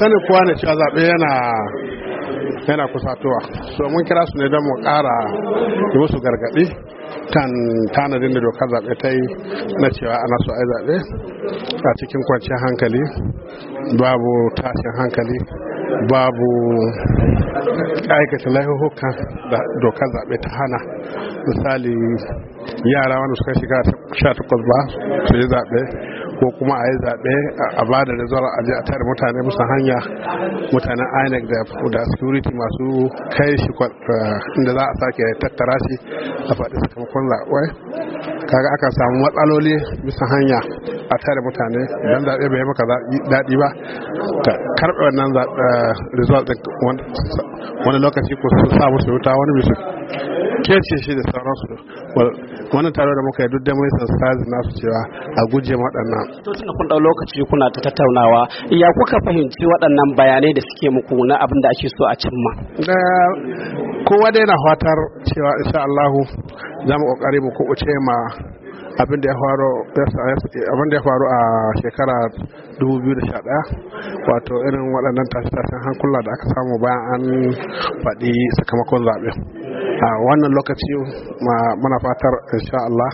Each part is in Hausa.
Sani kowa na cewa zaɓe yana yana kusatowa so mun kira su ne don mu ƙara yi musu gargaɗi kan tanadin da dokar zaɓe ta yi na cewa ana so a zaɓe a cikin kwanciyar hankali babu tashin hankali babu aikata laihuhuka da dokar zaɓe ta hana misali yara wanda suka shiga 18 ba su yi zaɓe ko kuma a yi zaɓe a ba da rizal a ji a tare mutane musan hanya mutanen inec da security masu kai shi eh, inda za a sake tattara shi a faɗi sakamakon zaɓe kaga aka samu matsaloli bisa hanya a tare mutane don zaɓe bai maka daɗi ba ka karɓe wannan eh, result wani lokaci ko su sa musu wuta wani bisu kece shi da sauransu wani tare da muka yi duk da mun na su cewa a guje waɗannan to tunda kun ɗau lokaci kuna ta tattaunawa ya kuka fahimci waɗannan bayanai da suke muku na abin da ake so a cimma kowa dai na fatar cewa insha Allah za mu kokari mu kuɓuce ma abin da ya faru a shekara 2011 wato irin waɗannan tashe-tashen hankula da aka samu bayan an faɗi sakamakon zaɓe. a wannan lokaci mana fatar insha Allah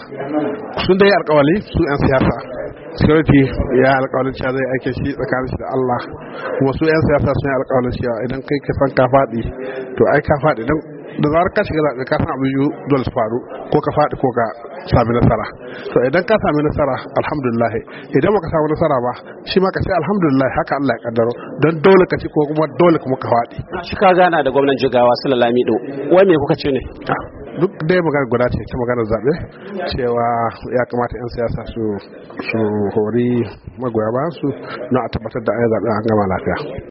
sun dai alkawali su 'yan siyasa security ya alkawalin cewa zai aike shi tsakanin shi da Allah kuma su 'yan siyasa sun yi alkawalin cewa idan kai ka san ka faɗi to ai ka faɗi don da zarar ka shiga zaɓe ka san abin yi dole su faru ko ka faɗi ko ka sami nasara to idan ka sami nasara alhamdulillah idan baka samu nasara ba shi ma ka ce alhamdulillah haka Allah ya kaddaro don dole ka ci ko kuma dole kuma ka faɗi shi ka gana da gwamnan jigawa sulalami do wai me kuka ce ne duk dai magana guda ce ta magana zaɓe cewa ya kamata 'yan siyasa su su hori magoya ba su na a tabbatar da an yi zaɓe an gama lafiya